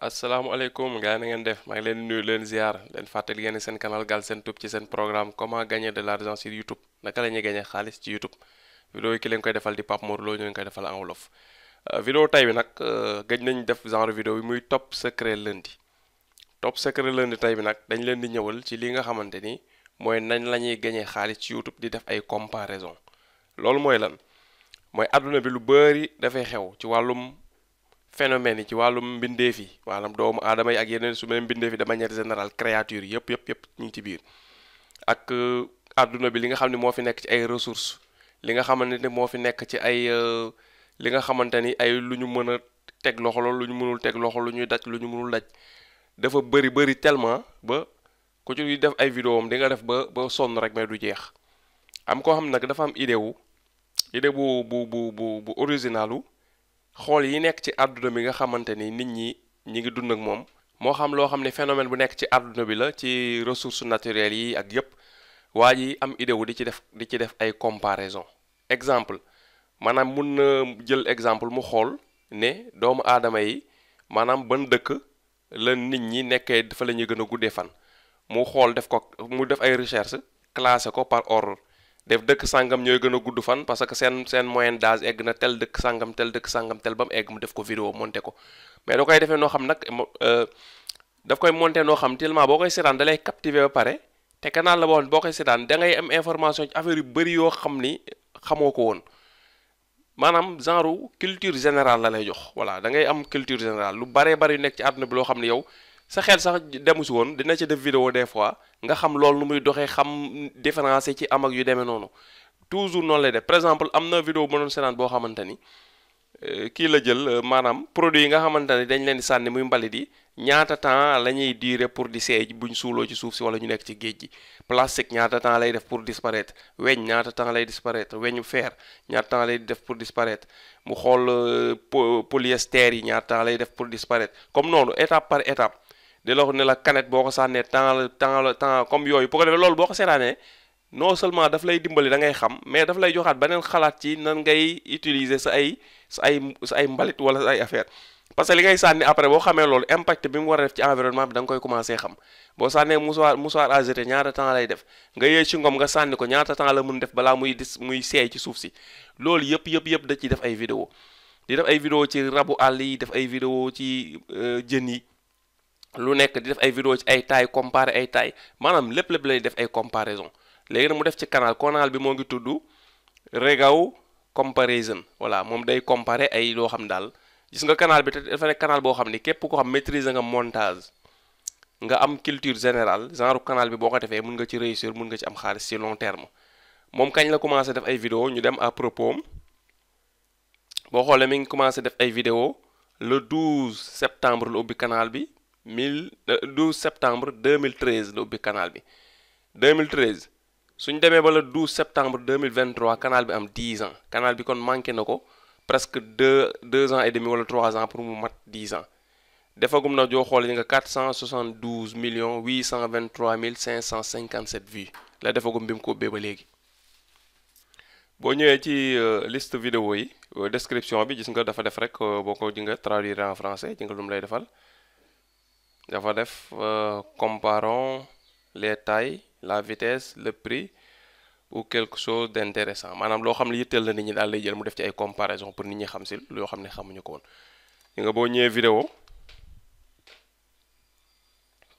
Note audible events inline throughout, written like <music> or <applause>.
asalaamaaleykum gars yi na ngeen def maa ngi leen nuyu leen ziar leen fàttali ngeen seen canal Galsen Tube ci seen programme comment gagner de l'argent sur YouTube naka la ñuy xaalis ci YouTube vidéo yi ki leen koy defal di Pape Mor Lo ñu leen koy defal en wolof euh, vidéo tey bi nag euh, gëj nañ def genre vidéo yi muy top secret lundi top secret lundi tey bi nag dañ leen di ñëwal ci li nga xamante ni mooy nañ la ñuy gagner xaalis ci YouTube di def ay comparaison loolu mooy lan mooy àdduna bi lu bari dafay xew ci wàllum phénomènes yi ci wàllum mbindeef yi maanaam doomu aadama yi ak yeneen su mel mbindeef yi de manière générale créature yëpp yëpp yëpp ñu ngi ci biir ak euh, àdduna bi li nga xam ne moo fi nekk ci ay ressources li nga xamante ne moo fi nekk ci ay euh, li nga xamante ni ay lu ñu mën a teg loxo lu ñu mënul teg loxo lu ñuy daj lu ñu mënul daj dafa bëri bëri tellement ba ku ci def ay vidéo am di nga def ba ba sonn rek mais du jeex am koo xam nag dafa am idée wu idée bu bu bu bu bu originalu xool yi nekk ci àdduna bi nga xamante ni nit ñi ñi ngi dund ak moom moo xam loo xam ne phénomène bu nekk ci àdduna bi la ci ressources naturelles yi ak yépp waa ji am idée wu di ci def di ci def ay comparaison exemple maanaam mun na jël exemple mu xool ne doomu aadama yi maanaam ban dëkk la nit ñi nekkee dafa la ñuy gën a guddee fan mu xool def ko mu def ay recherche classé ko par ordre def dëkk sàngam ñooy gën a gudd fan parce que seen seen moyenne d'âge egg na tel dëkk sàngam tel dëkk sàngam tel ba mu egg mu def ko vidéo monté ko mais da koy defee noo xam nag euh, daf koy monté noo xam tellement boo koy seetaan da lay ba pare te canal la boo boo koy seetaan da am information ci affaire yu bëri yoo xam ni xamoo ko woon maanaam genre culture général la lay jox voilà dangay am culture générale lu baree bari yu nekk ci àdduna bi loo xam ne yow sa xel sax demu si woon dina ci def vidéo des fois nga xam loolu nu muy doxee xam différencier ci am ak yu demee noonu toujours noonu lay def par exemple am na vidéo bu doon boo xamante ni euh, kii la jël euh, maanaam produit yi nga xamante ni dañ leen di sànni muy mbalit yi ñaata temps la ñuy durer pour di seey buñ suuloo ci suuf si wala ñu nekk ci géej gi plastique ñaata temps lay def pour disparaître weñ ñaata temps lay disparaître weñu fer ñaata temps lay def pour disparaître mu xool euh, polyester yi ñaata temps lay def pour disparaître comme noonu étape par étape di la wax ne la canette boo ko sànnee temps la temps la temps comme yooyu bu ko defee loolu boo ko seetaanee non seulement daf lay dimbali dangay xam mais daf lay joxaat beneen xalaat ci nan ngay utiliser sa ay sa ay sa ay mbalit wala sa ay affaire parce que li ngay sànni après boo xamee loolu impact bi mu war a def ci environnement bi da koy commencé xam boo sànnee mouchoir mouchoir à jeter ñaata temps lay def nga yëy ci ngom nga sànni ko ñaata temps la mun def balaa muy dis muy seey ci suuf si loolu yëpp yëpp yëpp da ciy def ay vidéo di def ay vidéo ci rabu àll yi def ay vidéo ci euh, jën yi lu nekk di def ay vidéo ci ay taille comparé ay taille maanaam lépp lépp lay def ay comparaison léegi nag mu def ci canal canal bi moo ngi tudd Regaw comparison voilà moom day comparé ay loo xam daal gis nga canal bi te dafa nekk canal boo xam ni képp ko xam maîtriser nga montage nga am culture général genre canal bi boo ko defee mun nga ci réussir mun nga ci am xaalis ci long terme moom kañ la commencé def ay vidéo ñu dem à propos boo xoolee mi ngi commencé def ay vidéo le 12 septembre la ubbi canal bi mille euh, douze septembre 2013 la ubbi canal bi 2013 suñ demee ba le 12 septembre 2023 canal bi am 10 ans canal bi kon manqué na ko presque deux deux ans et demi wala trois ans pour mu mat 10 ans defagum na joo xool yi nga 472 millions 823 mille 557 vues la defagum bi mu ko ubbee ba léegi. boo ñëwee ci euh, liste video yi euh, description bi gis nga dafa def rek boo ko ji nga traduire en français ji nga lu mu lay defal. dafa def euh, comparon les tailles la vitesse le prix ou quelque chose d'intéressant maanaam loo xam ne yitteel na nit ñi daal lay jël mu def ci ay comparaison pour nit ñi xam si loo xam ne xamuñu ko woon li nga boo ñëwee vidéo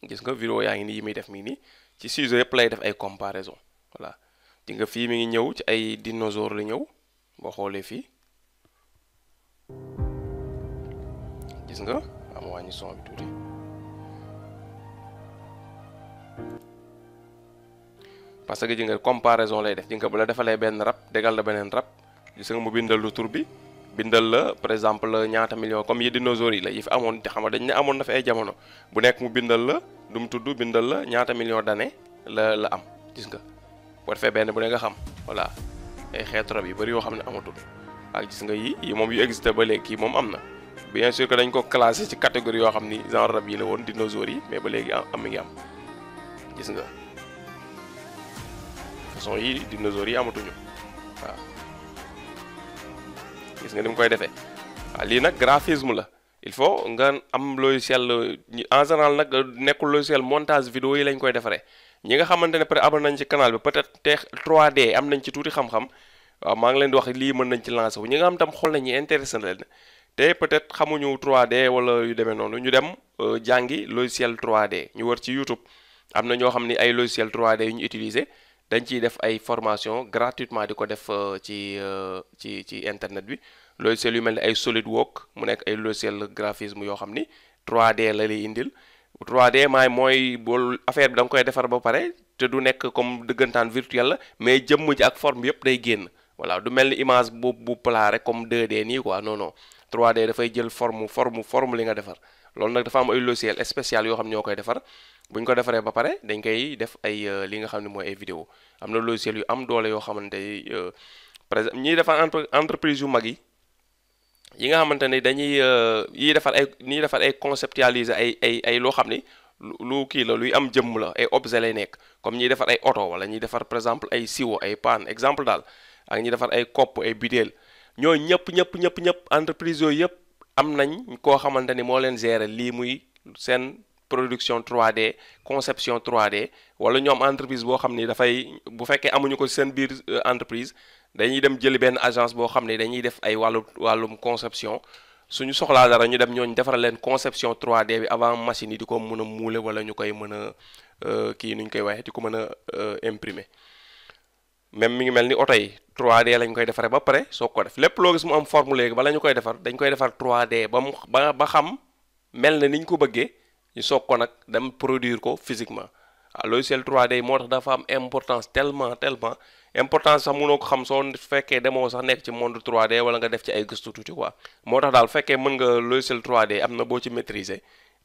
gis nga vidéo yaa ngi nii yi muy def mii nii ci sujet yëpp lay def ay comparaison voilà di nga fii mi ngi ñëw ci ay dinosaures la ñëw boo xoolee fii gis nga am wàññi son bi tuuti parce que ji nga comparaison lay def ji nga bu la defalee benn rab dégal la beneen rab gis nga mu bindal lu tur bi bindal la par exemple ñaata million comme yi dinosaures yi la yi fi amoon te xam nga dañ ne amoon na fi ay jamono bu nekk mu bindal la du mu tudd bindal la ñaata million d'années la la am gis nga boo defee benn bu ne nga xam voilà ay xeetu rab yu bari yoo xam ne amatul ak gis nga yi yi moom yu existé ba léegi moom am na bien sûr que dañ ko classé ci catégorie yoo xam ni genre yi la woon dinosaures yi mais ba léegi am mi ngi am gis nga façon yi dinosaures yi amatuñu waaw gis nga ni koy defee waaw lii nag graphisme la il faut nga am logiciel en général nag nekkul logiciel montage vidéo yi lañ koy defaree ñi nga xamante ne peut-être nañ ci canal bi peut-être te 3D am nañ ci tuuti xam-xam waaw maa ngi leen di wax lii mën nañ ci lancer wu ñi nga xam tam xool nañu intéressé na leen te peut-être xamuñu 3 des wala yu demee noonu ñu dem euh, jàngi logiciel 3 des ñu war ci YouTube am na ñoo xam ni ay logiciel 3D yu ñu utiliser dañ ciy def ay formation gratuitement di ko def euh, ci euh, ci ci internet bi loolu logiciel yu mel ni ay SolidWorks mu nekk ay logiciel graphisme yoo xam ni 3D la lay indil trois d maay mooy bool affaire bi da koy defar ba pare te du nekk comme dëggantaan virtuel la mais jëmm ji ak forme yëpp day génn voilà du mel ni image bu bu plat rek comme 2D nii quoi non non de dafay jël forme forme form li nga defar loolu nag dafa am ay logiciel spécial yoo xam ñoo koy defar buñ ko defaree ba pare dañ koy def ay euh, li nga xam ne mooy ay vidéo am na logiciel yu am doole yoo xamante ni euh, par exemple ñiy defar entre yu mag yi yi nga xamante ni dañuy euh, yiy defar ay ñiy defar ay conceptualiser ay ay ay loo xam ni lu kii la luy am jëmm la ay objet lay nekk comme ñiy defar ay oto wala ñuy defar par exemple ay siwo ay paan exemple daal ak ñi defar ay kopp ay bideel ñoo ñëpp ñëpp ñëpp ñëpp entreprise yooyu yëpp am nañ koo xamante ni moo leen gérer lii muy seen production trois d conception trois d wala ñoom entreprise boo xam ni dafay bu fekkee amuñu ko seen biir euh, entreprise dañuy dem jëli benn agence boo xam ne dañuy def ay wàllu wàllum conception suñu soxlaa dara ñu dem ñooñu defaral leen conception trois d bi avant machine yi di ko mën a muule wala ñu koy mën a euh, kii nu koy waxee di ko mën a euh, imprimer même mi ngi mel ni oto yi 3D lañ koy defaree ba pare soo ko def lépp loo gis mu am forme léegi bala ñu koy defar dañ koy defar 3D ba ba ba xam mel na ni ko bëggee. ñu soog ko nag dem produire ko physiquement ah logiciel 3D moo tax dafa am importance tellement tellement importance sax mënoo ko xam soo fekkee demoo sax nekk ci monde 3D wala nga def ci ay gëstu tuuti quoi moo tax daal fekkee mën nga logiciel 3D am na boo ci maîtriser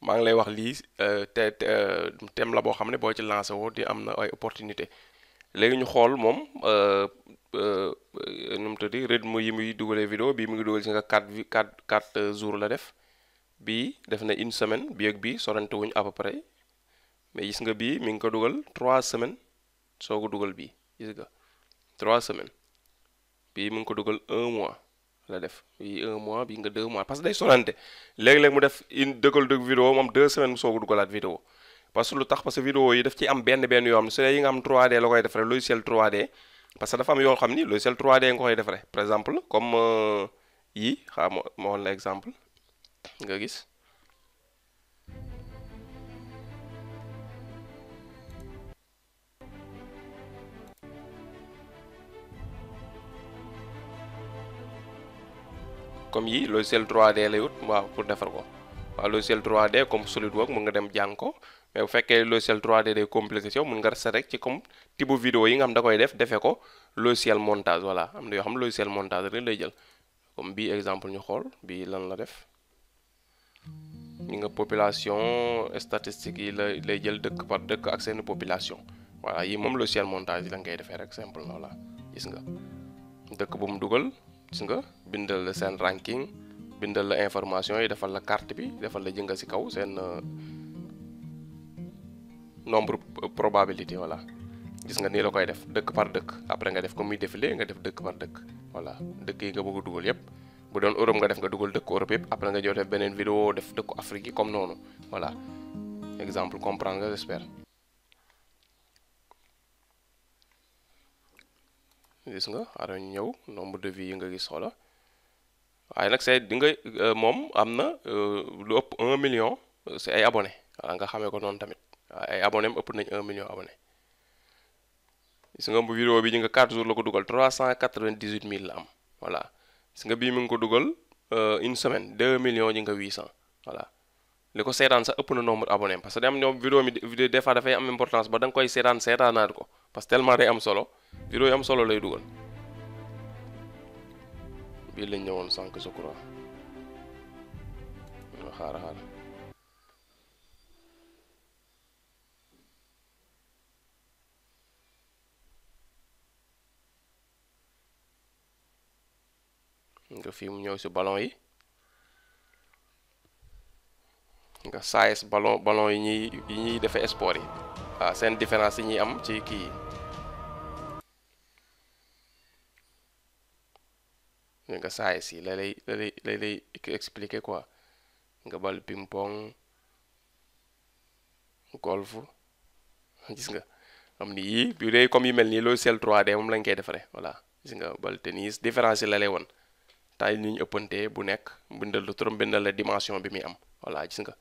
maa ngi lay wax lii euh, te euh, thème la boo xam ne boo ci lancé woo di am na ay opportunité léegi ñu xool moom euh, nu mu tudd rythme yi muy dugalee vidéo bii mu ngi dugal ci nga 4 4 4 jours la def bii def na une semaine bii ak bii sorante wuñ à peu près mais gis nga bii mi ngi ko dugal trois semaine soo dugal bii gis nga trois semaines bii mu ngi ko dugal un mois la def bii un mois bii nga deux mois parce que day sorante léeg-léeg mu def une dëkkal dëgg vidéo moom deux semaines soo ko dugalaat vidéo parce que lu tax parce que vidéo yi daf ci am benn benn yoo xam ne su yi nga am 3D la koy defaree logiciel 3D parce que dafa am yoo ni logiciel 3D nga koy defaree exemple comme euh, yi xaa ma ma exemple nga gis comme yi logiciel 3D lay wut waaw pour defar ko waaw logiciel 3D comme SolidWorks mun nga dem jàng ko mais bu fekkee logiciel 3D day compliqué mun nga rester rek ci comme type vidéo yi nga xam da koy def defee ko logiciel montage voilà am na yoo xam logiciel montage rek lay jël comme bii exemple ñu xool bii lan la def ñu nga population statistique yi la lay jël dëkk par dëkk ak seen population waa yi moom logiciel montage yi la ngay defee rek simple na voilà gis nga dëkk bu mu dugal is nga bindal la seen ranking bindal la information yi defal la carte bi defal la jënga si kaw seen euh, nombre euh, probabilité voilà gis nga nii la koy def dëkk par dëkk après nga def ko muy défilé nga def dëkk par dëkk voilà dëkk yi nga bëgg dugal yépp bu doon Europe nga def nga dugal dëkku Europe yëpp après nga ñëw def beneen vidéo def dëkku Afrique yi comme noonu voilà exemple comprendre nga j'espère gis nga ara ñëw nombre de vues yi nga gis xoola waaye nag say di nga euh, moom am na euh, lu ëpp un million euh, si ay abonné waaw nga xamee ko noonu tamit ay abonné am ëpp nañ un million abonné gis nga bu vidéo bi ñu nga 4 jours la ko dugal 398 000 la am voilà gis nga bii mi ngi ko dugal euh, une semaine deux millions ji nga 800 voilà li ko seetaan sax ëpp na nombre abonné parce que day am ñoom vidéo mi vidéo des fois dafay am importance ba da nga koy seetaan seetaanaat ko parce que tellement day am solo vidéo yi am solo lay dugal bii lañ ñëwoon woon je crois xaar xaar ko mu ñëw si ballon yi nga size ballon ballon yi ñuy yi ñuy defee sport yi waaw seen différence yi ñuy am ci kii yi nga size yi la lay la lay la lay expliquer quoi nga bal ping pong golf gis nga am ni yii bu dee comme yu mel nii looy sel 3D moom lañ koy defaree voilà gis nga bal tennis différence yi la lay won taille ni ñu ëppantee bu nekk bindal lu trop bindal la dimension bi muy am voilà gis nga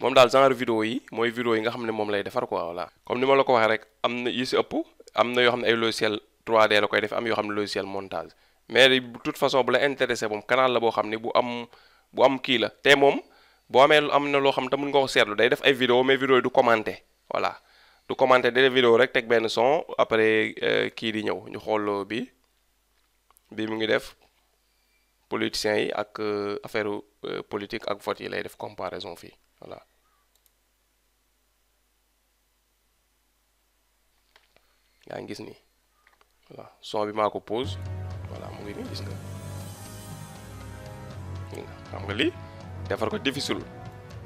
moom daal genre vidéo yi mooy vidéo yi nga xam ne moom lay defar ko voilà comme ni ma la ko waxee rek am na yu si ëpp am na yoo xam ne ay logiciel trois d la koy def am yoo xam ne logiciel montage mais de toute façon bu la intéressé moom canal la boo xam ne bu am bu am kii la te moom boo amee am na loo xam te mun nga ko seetlu day def ay video mais vidéo yi du commenté voilà du commenté day def rek teg benn son après euh, kii di ñëw ñu xool bi bii mu ngi def politiciens yi ak euh, affaire euh, politique ak vote yi lay def comparaison fii voilà yaa ngi gis nii voilà son bi maa ko pause voilà mu ngi nii gis nga xam nga lii defar ko difficile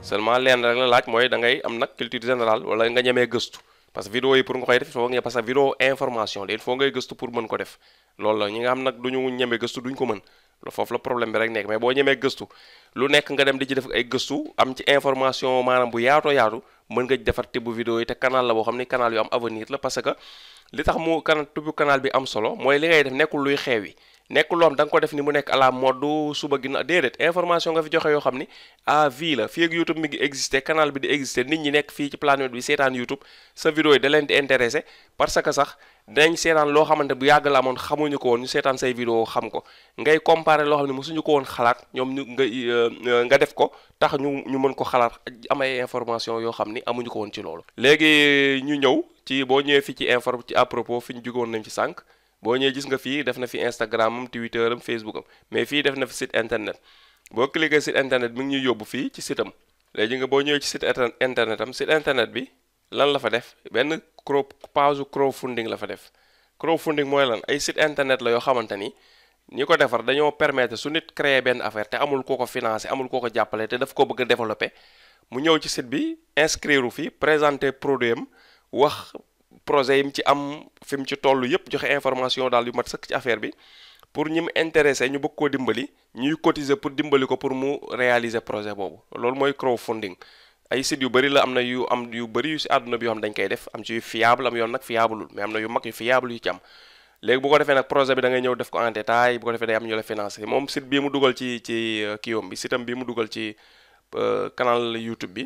seulement leen rek la laaj mooy da am nag culture générale wala nga ñemee gëstu parce que vidéo yi pour nga koy def il faut nga parce que information la il faut ngay gëstu pour mën ko def loolu la ñi nga xam nag du ñu ñeme gëstu duñ ko mën foofu la problème bi rek nekk mais boo ñemee gëstu lu nekk nga dem di ci def ay gëstu am ci information maanaam bu yaatoo yaatu mën nga defar tibb vidéo yi te canal la boo xam ni kanaal yu am avenir la parce que li tax mu kan tubbu kanaal bi am solo mooy li ngay def nekkul luy xeew yi nekk loom da nga ko def ni mu nekk à la mode suba ginnaaw déedéet information nga fi joxe yoo xam ni à vie la fii ak YouTube mi ngi exister canal bi di exister nit ñi nekk fii ci planète bi seetaan YouTube sa vidéo yi da leen di intéressé parce que sax dañ seetaan loo xamante bu yàgg la amoon xamuñu ko woon ñu seetaan say vidéo xam ko ngay comparer loo xam ne mosuñu ko woon xalaat ñoom ñu nga euh, euh, nga def ko tax ñu ñu mën ko xalaat am ay information yoo xam ni amuñu ko woon ci loolu. léegi euh, ñu ñëw ci boo ñëwee fii ci inform ci à fi ñu jugoon nañ ci sànq. boo ñëwee gis nga fii def na fi Instagram am Twitter am Facebook am mais fii def na fi site internet boo cliquer site internet mi ngi ñuy yóbbu fii ci site am léegi nga boo ñëwee ci sit internet am site internet bi lan la fa def benn pase page crowdfunding la fa def crowdfunding mooy lan ay site internet la yoo xamante ni ñi ko defar dañoo permettre su nit créer benn affaire te amul koo ko financé amul koo ko jàppale te daf ko bëgg a développé mu ñëw ci site bi inscrire fi présenter produit am wax projet yi mu ci am fi mu ci toll yëpp joxe information daal yu mat sëkk ci affaire bi pour ñi mu intéressé ñu bëgg ko dimbali ñuy cotiser pour dimbali ko pour mu réaliser projet boobu loolu mooy crowdfunding ay sites yu bari la am na yu am yu bari yu si àdduna bi yoo xam dañ koy def am ci yu fiable am yoon nag fiableul mais am na yu mag yu fiable yu ci am léegi bu ko defee nag projet bi dangay ñëw def ko en détail bu ko defee day am ñu la financé moom site bii mu dugal ci ci euh, kiom sitam bii mu dugal ci euh, canal YouTube bi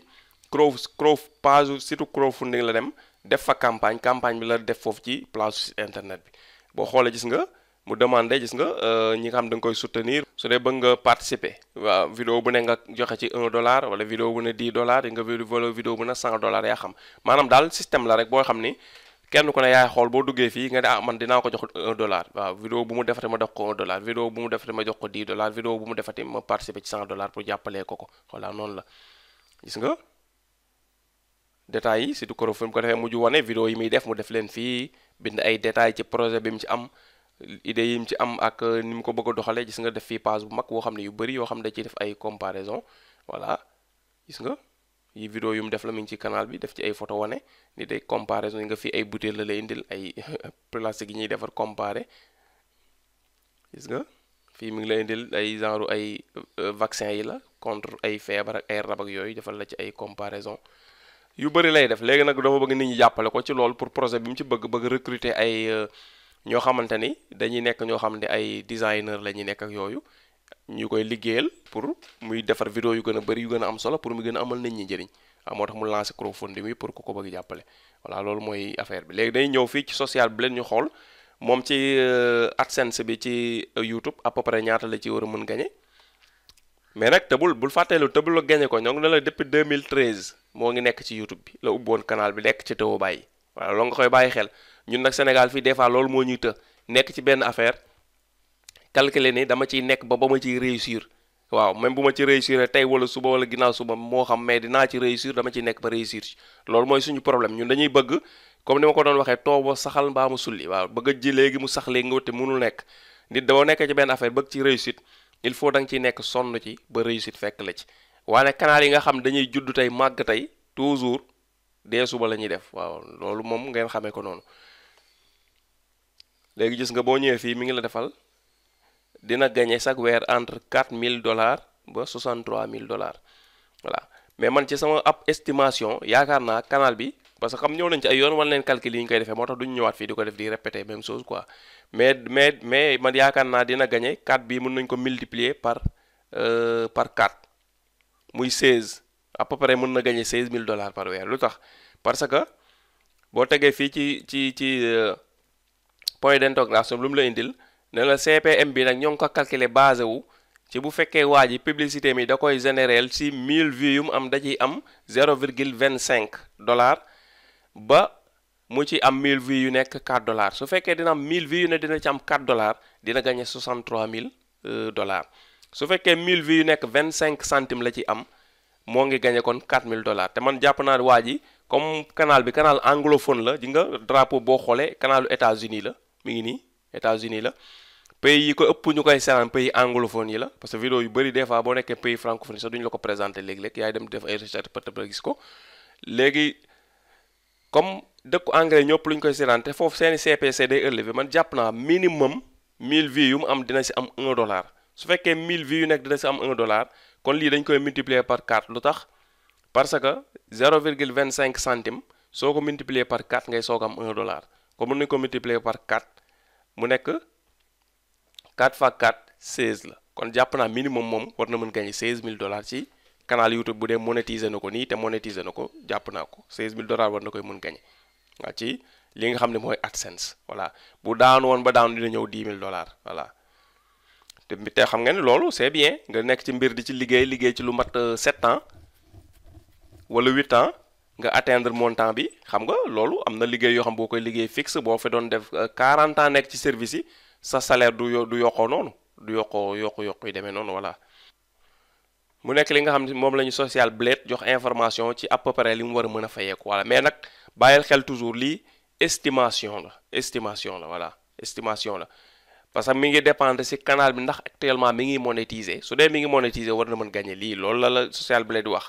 crow crow page surtout crowdfunding la dem def fa campagne campagne bi la def foofu ci place internet bi boo xoolee gis nga mu demande gis nga euh, ñi nga xam da nga koy soutenir su dee bëgg nga participer waaw vidéo bu ne nga joxe ci un dollar wala vidéo bu ne 10 dollars yi nga wala vidéo bu ne 100 dollars yaa xam maanaam daal système la rek boo xam ni kenn ku ne yaay xool boo duggee fii nga ne ah, man dinaa ko jox un dollar waaw vidéo bu mu defati ma jox ko un dollar vidéo bu mu defati ma jox ko di dollars vidéo bu mu defati ma participer ci 100 dollars pour jàppalee ko ko voilà noonu la gis nga détails yi surtout Corofane bu ko defee mujj wane vidéo yi muy def mu def leen fii bind ay détails ci projet bi mu ci am idée yi mu ci am ak euh, ni mu ko bëgg a doxalee gis nga def fii page bu mag woo xam ne yu bëri yoo xam ne da ciy def ay comparaison voilà gis nga yi vidéo yu mu def la mi ngi ci kanaal bi def ci ay photo wane ni day comparaison yi nga fii ay bouteille la la indil ay <laughs> plastique yi ñuy defar comparé gis nga fii mu ngi la indil ay genre ay euh, vaccin yi la contre ay feebar ak ay rab yooyu defal la ci ay comparaison yu bëri lay def léegi nag dafa bëgg nit ñi jàppale ko ci loolu pour projet bi mu ci bëgg bëgg recruter ay euh, ñoo xamante ni dañuy nekk ñoo xam ne ay designer la ñuy nekk ak yooyu ñu koy liggéeyal pour muy defar vidéo yu gën a bëri yu gën a am solo pour mu gën a amal nit ñi njëriñ waaw ah, moo tax mu lancé crowdfunding bi pour ku ko bëgg jàppale voilà loolu mooy affaire bi léegi day ñëw fii ci social bi leen ñu xool moom ci euh, AdSense bi ci euh, YouTube à peu près ñaata la ci war a mën gagné mais nag te bul bul fàtteelu te bul la gagné ko ñoo ngi ne la depuis 2013 moo ngi nekk ci youtube bi la ubboon kanaal bi nekk ci tëwo bàyyi waaw loolu nga koy bàyyi xel ñun nag Sénégal fii des fois loolu moo ñuy të nekk ci benn affaire calculer ni dama ciy nekk ba ba ma ciy réussir waaw même bu ma ci réussir tey wala suba wala ginnaaw suba moo xam mais dinaa ci réussir dama ciy nekk ba réussir loolu mooy suñu problème ñun dañuy bëgg comme ni ma ko doon waxee toobo saxal mbaa mu sulli waaw bëgg a ji léegi mu sax léegi nga te mënul nekk nit dama nekk ci benn affaire bëgg ci réusit il faut danga nga ciy nekk sonn ci ba réussite fekk la ci waaye kanaal yi nga xam dañuy judd tey màgg tey toujours dee suba la ñuy def waaw loolu moom ngeen xamee ko noonu léegi gis nga boo ñëwee fii mi ngi la defal dina gagné chaque weer entre mille dollars ba 63000 dollars voilà mais man ci sama ab estimation yaakaar naa canal bi parce que xam ñëw nañ ci ay yoon wan leen calcul yi ñu koy defee moo tax duñu ñëwaat fii di ko def di répéter même chose quoi mais mais mais man yaakaar naa dina gagné 4 bii mën ko multiplier par euh, par 4 muy 16 à peu près mën na gagner 16000 dollars par weer lu tax parce que boo tegee fii ci ci ci euh, point d'interrogation lu mu la indil ne la CPM bi nag ñoo ngi ko calculer basé wu ci bu fekkee waa ji publicité mii da koy générer ci mille vues yu mu am da ciy am 0,25 dollars ba mu ci am 1000 vues yu nekk 4 dollars su fekkee dina am 1000 vues yu ne dina ci am 4 dollars dina gagner 63000 euh, dollars. su fekkee 1000 vues yu nekk cinq centime la ci am moo ngi gagné kon 4000 dollars te man jàpp naa waa ji comme canal bi canal anglophone la ji nga drapeau boo xoolee canalu États-Unis la mi ngi nii États-Unis la pays yi ko ëpp ñu koy seetaan pays anglophone yi la parce que vidéo yu bëri des fois boo nekkee pays francophone sax duñu la ko présenté léeg-léeg yaay dem def ay recherche peut-être léegi comme dëkku anglais ñëpp lu ñu koy seetaan foofu seeni CPC day man jàpp naa minimum 1000 vues yu mu am dina si am 1 dollar. su fekkee mille vues yu nekk dina si am 1 dollar kon lii dañ koy multiplier par 4 lu tax parce que vingt cinq centime soo ko multiplier par 4 ngay soog am 1 dollar kon mën nañ ko multiplier par 4 mu nekk 4 fois 4 16 la kon jàpp naa minimum moom war na mën gagner 16000 dollars ci canal YouTube bu dee monétiser na ko nii te monétiser na ko jàpp naa ko 16000 dollars war na koy mën gagner waa ci li nga xam ne mooy AdSense voilà bu daan woon ba daan dina ñëw 10 000 dollars voilà. te te xam nga ne loolu c'est bien nga nekk ci mbir di ci liggéey liggéey ci lu mat 7 euh, ans wala 8 ans nga atteindre montant bi xam nga loolu am na liggéey yoo xam boo koy liggéey fixe boo fa doon def 40 euh, ans nekk ci service yi sa salaire du yo du yokkoo noonu du yokkoo yokk yokku yi demee noonu voilà. mu nekk li nga xam ne moom la ñu social blade jox information ci à peu près li mu war a mën a fayeeku voilà mais nag bàyyil xel toujours lii estimation la estimation la voilà estimation la. parce que mi ngi dépendre ci canal bi ndax actuellement mi ngi monétiser su dee mi ngi monétiser war na mën gagner lii loolu la la social bi lay di wax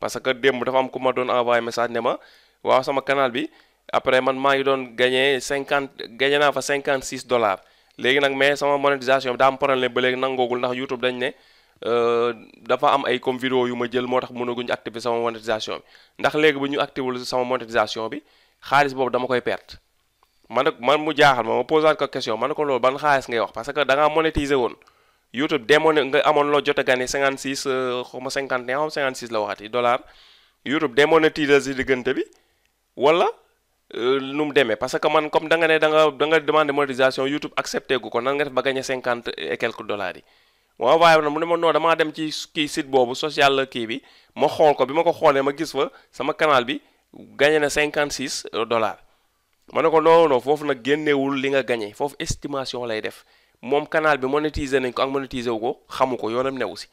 parce que démb dafa am ku ma doon envoyer message ne ma waaw sama canal bi après man maa ngi doon gagner cinquante gañe naa fa cinquante six dollars léegi nag mais sama monétisation bi daa am ba léegi nangoogul ndax YouTube dañ ne euh, dafa am ay comme vidéo yu ma jël moo tax mënaguñu activer sama monétisation bi ndax léegi bu ñu activer sama monétisation bi xaalis boobu dama koy man nag man mu jaaxal ma ma posé ko question man ne ko loolu ban xaalis ngay wax parce que da ngaa woon YouTube démoné nga amoon loo jot a gagné 56 euh, xaw ma ma 56 la waxati dollar si diggante bi wala euh, nu mu demee parce que man comme danga nga ne da nga da nga demandé monétisation YouTube accepté gu ko nan nga def ba gagné 50 et quelques dollars yi. waaw waaye nag mu ne ma non damaa dem ci kii site boobu social kii bi ma xool ko bi ma ko xoolee ma gis fa sama kanaal bi gagné na 56 dollars. ma ne ko non foofu nag génneewul li nga gañe foofu estimation lay def moom canal bi monétiser nañ ko ak monétiser wu ko xamu ko yoonam newu si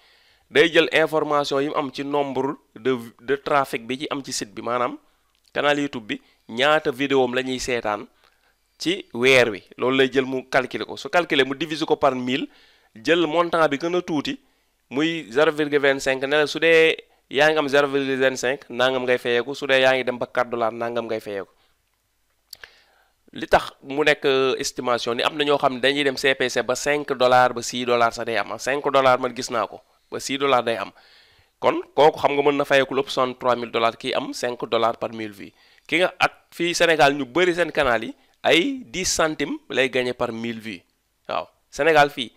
day jël information yi mu am ci nombre de de trafic bi ci am ci site bi maanaam canal YouTube bi ñaata vidéom la ñuy seetaan ci weer wi loolu lay jël mu calculer ko su calculer mu diviser ko par mille jël montant bi gën a tuuti muy 0,25 ne la su dee yaa ngi am 0,25 nangam ngay fayeeku su dee yaa ngi dem ba 4 dollars nangam ngay fayeeku li tax mu nekk euh, estimation ni am na ñoo xam ne dañuy dem CPC ba cinq dollars ba 6 dollars sax day am ah, cinq dollars man gis naa ko ba 6 dollars day am kon kooku xam nga mën na fayeeku lépp 63000 dollars kii am 5 dollars par 1000 vues ki nga ak fii Sénégal ñu bëri seen canal yi ay 10 centimes lay gagné par mille vues waaw Sénégal fii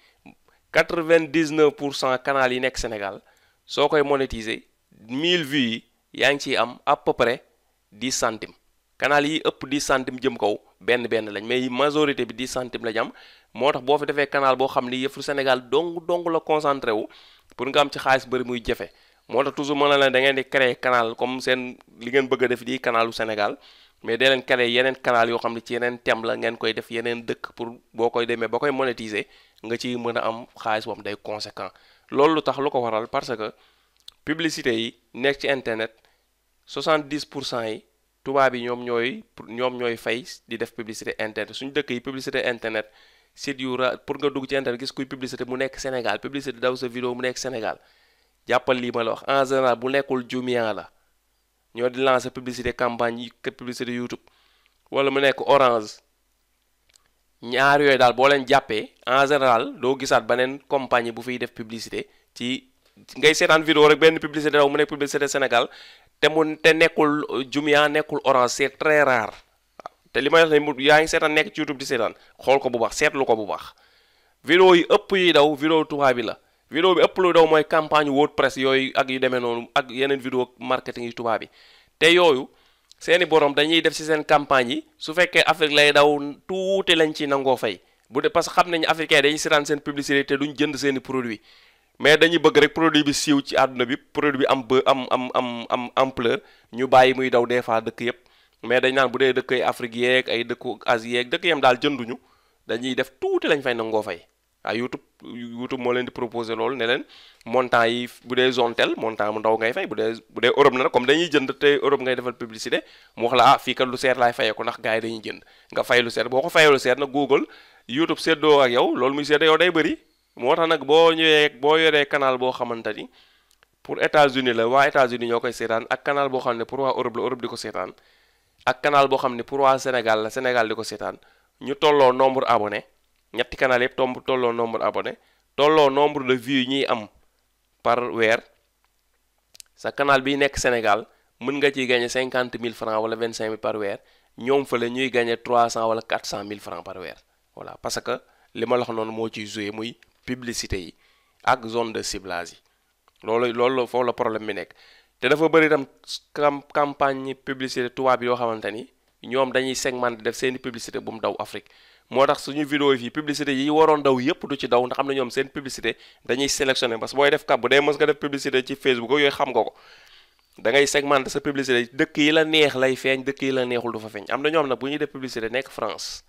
vingt 99 pour cent canal yi nekk Sénégal soo koy monétiser mille vie yi yaa ngi ciy am à peu près 10 centimes. kanaal yi ëpp 10 centimes jëm kaw benn benn lañ mais majorité bi di centimes la jam moo tax boo fi defee kanaal boo xam ni yëf lu Sénégal dong dong la concentré wu pour nga am ci xaalis bëri muy jafe moo tax toujours mën na leen da ngeen di créer canal comme seen li ngeen bëgg a def di canalu Sénégal mais dee leen créer yeneen canal yoo xam ne ci yeneen thème la ngeen koy def yeneen dëkk pour boo koy demee ba koy monétiser nga ci mën a am xaalis boobu day conséquent loolu lu tax lu ko waral parce que publicité yi nekk ci internet 70 pour cent yi. tubaab yi ñoom ñooy ñoom ñooy fay di def publicité internet suñu dëkk yi publicité internet site yu ra pour nga dugg ci internet gis kuy publicité mu nekk Sénégal publicité daw sa vidéo mu nekk Sénégal jàppal lii ma la wax en général bu nekkul Jumia la ñoo di lancer publicité campagne yi publicité YouTube wala mu nekk Orange ñaar yooyu daal boo leen jàppee en général doo gisaat beneen compagnie bu fiy def publicité ci ngay seetaan vidéo rek benn publicité daw mu nekk publicité Sénégal te mu te nekkul uh, Jumia nekkul Orange c'est très rare te li ma wax ne yaa ngi seetaan nekk ci YouTube di seetaan xool ko bu baax seetlu ko bu baax. vidéo yi ëpp yi daw vidéo tubaab bi la vidéo bi ëpp lu daw mooy campagne WordPress yooyu ak yu demee noonu ak yeneen vidéo marketing yi tubaab bi te yooyu seeni borom dañuy def ci seen campagne yi su fekkee Afrique lay daw tuuti lañ ci nangoo fay bu dee parce que xam nañu africain dañuy seetaan seen publicité te duñ jënd seeni produit mais dañuy bëgg rek produit bi siiw ci àdduna bi produit bi am ba am am am am ampleur ñu bàyyi muy daw des fois dëkk yëpp mais dañ naan bu dee dëkk ay Afrique yeeg ay dëkku Asie yeeg dëkk yam daal jënduñu dañuy def tuuti lañ fay nangoo fay ah YouTube YouTube moo leen di loolu ne leen montant yi bu dee zone tel montant mu ndaw ngay fay bu dee bu dee Europe na comme dañuy jënd te Europe ngay defal publicité mu wax la ah fii kat lu seer laay fayee ko ndax gars yi dañuy jënd nga fay lu seer boo ko fayee lu seer nag Google YouTube séddoo ak yow loolu muy séddoo yow day bëri moo tax nag boo ñëwee boo yoree canal boo xamante ni pour États-Unis la waa États-Unis ñoo koy seetaan ak canal boo xam ne pour waa Europe la Europe di ko seetaan ak canal boo xam ne pour waa Sénégal la Sénégal di ko seetaan ñu tolloo nombre abonné ñetti canal yëpp tomb tolloo nombre abonné tolloo nombre de vues yi ñuy am par weer sa canal bi nekk Sénégal mën nga ciy gagné cinquante mille francs wala vingt cinq mille par weer ñoom fa la ñuy gagné trois cent wala quatre cent mille francs par weer voilà parce que li ma noonu moo ciy joué muy publicité yi ak zone de ciblage yi loolu loolu foofu la problème bi nekk te dafa bëri itam campagne publicité tubaab yoo xamante ni ñoom dañuy segmenté def seeni publicité bu mu daw Afrique moo tax suñu vidéo yi fii yi waroon daw yëpp du ci daw ndax am na ñoom seen publicité dañuy sélectionné parce que booy def kab bu dee mës nga def publicité ci Facebook yooyu xam nga ko da ngay sa publicité dëkk yi la neex lay feeñ dëkk yi la neexul fa feeñ am na ñoom nag bu ñuy def publicité nekk France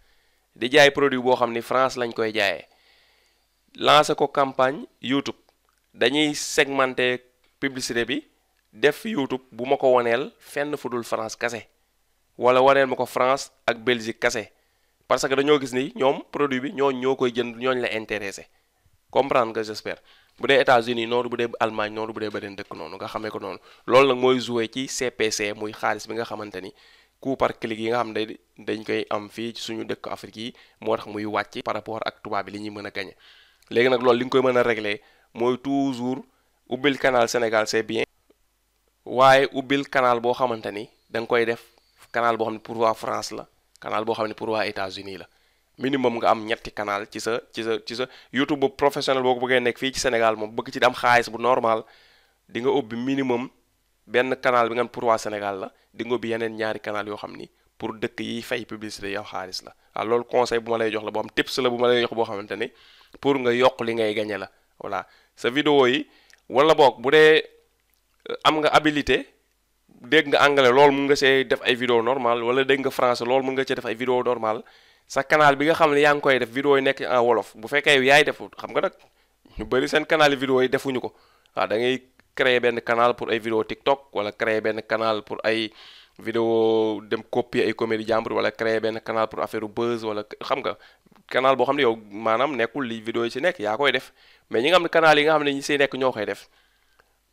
di jaay produit boo xam ni France lañ koy jaayee lancer ko campagne YouTube dañuy segmenter publicité bi def YouTube bu ma ko waneel fenn fudul France kase wala waneel ma ko France ak Belgique kase parce que dañoo gis ni ñoom produit bi ñooñ ñoo koy jënd ñooñ la intéressé comprendre nga j'espère bu dee États-Unis noonu bu dee Allemagne noonu bu dee beneen dëkk noonu nga xamee ko noonu loolu nag mooy joué ci CPC muy xaalis bi nga xamante ni coût par clic yi nga xam ne dañ koy am fii ci suñu dëkk Afrique yi moo tax muy wàcc par rapport ak tubaab bi li ñuy mën a gagné léegi nag loolu li nga koy mën a régle mooy toujours ubbil canal Sénégal c'est bien waaye ubbil canal boo xamante ni da nga koy def kanaal boo xam ne pour waa France la kanaal boo xam ne pour waa États-Unis la minimum nga am ñetti canal ci sa ci sa ci sa YouTube bu professionnel boo ko bëggee nekk fii ci Sénégal moom bëgg ci di am xaalis bu normal di nga ubbi minimum benn canal bi nga pour waa Sénégal la di nga ubbi yeneen ñaari canal yoo xam ni pour dëkk yi fay publicité yow xaalis la waaw loolu conseil bu ma lay jox la boo am tips la bu ma lay jox boo xamante pour nga yokk li ngay gañe la voilà sa vidéo yi wala boog bu dee euh, am nga abilité dégg nga anglais loolu mun nga see def ay vidéo normal wala dégg nga français loolu mun nga see def ay vidéo normal sa canal bi nga xam ne yaa ngi koy def vidéo yi nekk en wolof bu fekkee yow yaay defu xam nga nag ñu bari seen canal yi yi defuñu ko waaw créer benn canal pour ay vidéo TikTok wala créer benn canal pour ay vidéo dem copier ay comédie jàmbur wala créer benn canal pour affaire buzz wala xam nga canal boo xam ne yow maanaam nekkul li vidéo yi ci nekk yaa koy def mais ñi nga xam ne canal yi nga xam ne ñi nekk ñoo koy def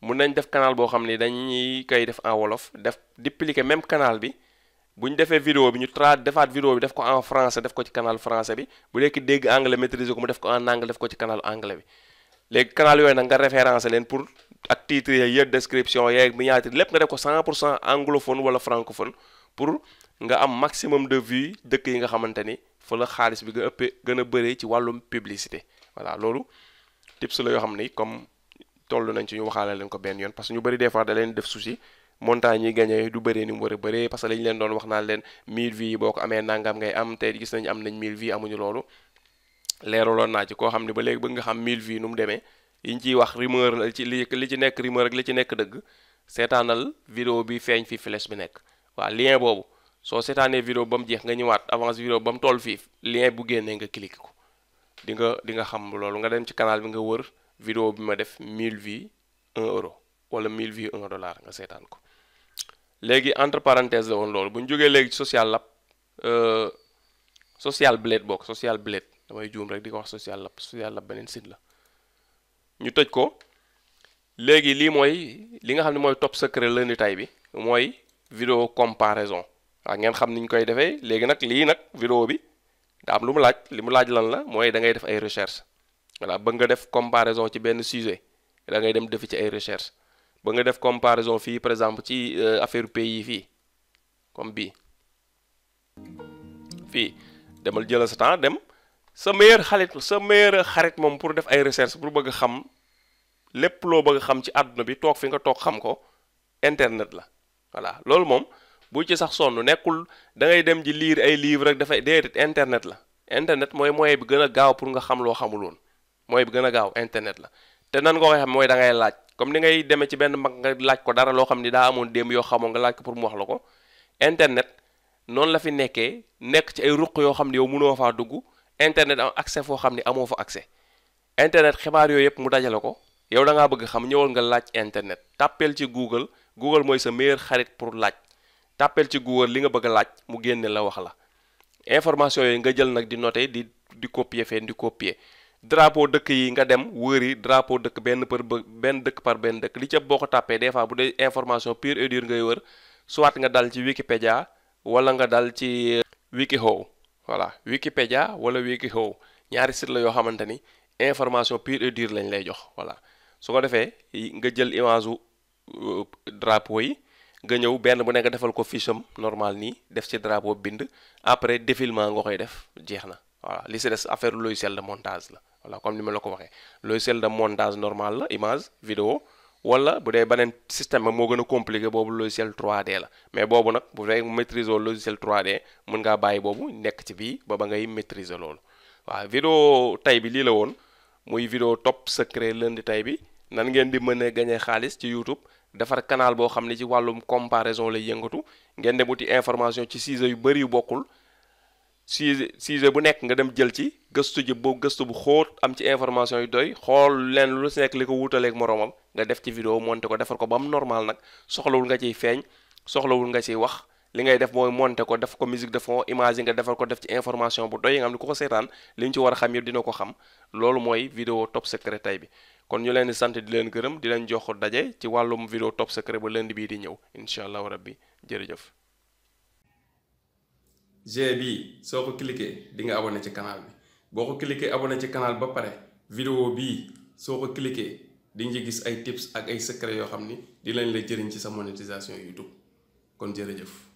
mun nañ def canal boo xam ne dañuy koy def en wolof def dupliquer même canal bi bu ñu defee vidéo bi ñu tra defaat vidéo bi def ko en français def ko ci canal français bi bu dee ki dégg anglais maîtriser ko mu def ko en anglais def ko ci canal ak titre yeeg description yeeg miniature lépp nga def ko 100 pour cent anglophone wala francophone pour nga am maximum de vues dëkk yi nga xamante ni fa la xaalis bi nga ëppee gën a bëree ci wàllum publicité voilà loolu tips la yoo xam ni comme toll nañ ci ñu waxaale leen ko benn yoon parce que ñu bëri des fois da leen def souci montant ñi gagné du bëree ni mu war a bëree parce que lañ leen doon wax naan leen 1000 vues yi boo ko amee nangam ngay am tey gis nañ am nañ 1000 vues amuñu loolu leeraloon naa ci koo xam ne ba léegi bëgg nga xam 1000 vues nu mu demee yi yiñ ciy wax rumeur la ci li li ci nekk rumeur ak li ci nekk dëgg seetaanal vidéo bi feeñ fii flash bi nekk waa lien boobu soo seetaanee vidéo ba mu jeex nga ñëwaat avance vidéo ba mu toll fii lien bu génnee nga cliquer ko di nga di nga xam loolu nga dem ci canal bi nga wër vidéo bi ma def mille vie 1 euro wala 1000 vues 1 dollar nga seetaan ko léegi entre parenthèse la woon loolu bu ñu jógee léegi social lab euh, social blade bokk social blade damay juum rek di ko wax social lab social beneen site la ñu tëj ko léegi lii mooy li nga xam ne mooy top secret lundi tay bi mooy vidéo comparaison waaw ngeen xam ni ñu koy defee léegi nag lii nag vidéo bi daa am lu mu laaj li mu laaj lan la mooy dangay def ay recherche voilà bëgg nga def comparaison ci benn sujet dangay dem defi ci ay recherche ba nga def comparaison fii par exemple ci euh, affaire pays fii comme bii fii demal jëla sa temps dem sa meilleur xarit sa meilleur xarit moom pour def ay recherche pour bëgg xam lépp loo bëgg xam ci àdduna bi toog fi nga toog xam ko internet la voilà loolu moom bu ci sax sonn nekkul da dem ji lire ay livre dafay déedéet internet la internet mooy moyen bi gën a gaaw pour nga xam loo xamul woon bi gën gaaw internet la te nan nga koy xam mooy da ngay laaj comme ni ngay demee ci benn mag nga laaj ko dara loo xam ni daa amoon dém yoo xamoo nga laaj ko pour mu wax la ko internet noonu la fi nekkee nekk ci ay ruq yoo xam ne yow mënoo faa dugg internet am foo xam ne amoo fa accès internet xibaar yooyu yëpp mu dajale ko yow da ngaa bëgg xam ñëwal nga laaj internet tàppeel ci google google mooy sa meilleur xarit pour laaj tàppeel ci google li nga bëgg laaj mu génnee la wax la information yooyu nga jël nag di noter di di copier fee di copier drapeau dëkk yi nga dem wëri drapo dëkk benn par benn dëkk par benn dëkk li ca boo ko tàppee des fois bu dee information pure et ngay wër soit nga dal ci Wikipédia wala nga dal ci euh, WikiHow voilà Wikipédia wala Wikihow ñaari site la yoo xamante ni information pure et dure lañ lay jox voilà su ko defee nga jël image u euh, drapeau yi nga ñëw benn bu nekk defal ko fiche am normal nii def ci drapeau bind après défilement nga koy def jeex na waa li si des affaire logiciel de montage la voilà comme ni ma la ko waxee logiciel de montage normal la image vidéo wala bu dee beneen système ba moo gën a compliqué boobu logiciel 3D la mais boobu nag bu dee maîtriser wu logiciel 3D mën ngaa bàyyi boobu nekk ci bii ba ba ngay maîtriser loolu waa vidéo tey bi lii la woon muy vidéo top secret lënd tey bi nan ngeen di mën a gagner xaalis ci YouTube defar canal boo xam ne ci wàllum comparaison lay yëngatu ngeen dem wuti information ci ciseaux yu bëri yu bokkul sujet sujet bu nekk nga dem jël ci gëstu ji boo gëstu bu xóot am ci information yi doy xool leen lu si li ko wutaleek moroomam nga def ci vidéo monté ko defar ko ba mu normal nag soxlawul nga ciy feeñ soxlawul nga ciy wax li ngay def mooy monte ko def ko musique de fond image nga defar ko def ci information bu doy nga xam ne ku ko seetaan li ñu ci war a xam yëpp dina ko xam loolu mooy vidéo top secret tey bi kon ñu leen di sant di leen gërëm di leen jox daje ci wàllum vidéo top secret ba lundi bii di ñëw incha allahu rabbi jërëjëf G bi soo ko cliquer di nga na ci canal bi boo ko cliquer na ci canal ba pare vidéo bii soo ko cliquer di nga gis ay tips ak ay secret yoo xam ni di lañ la jëriñ ci sa yuy YouTube kon jërëjëf.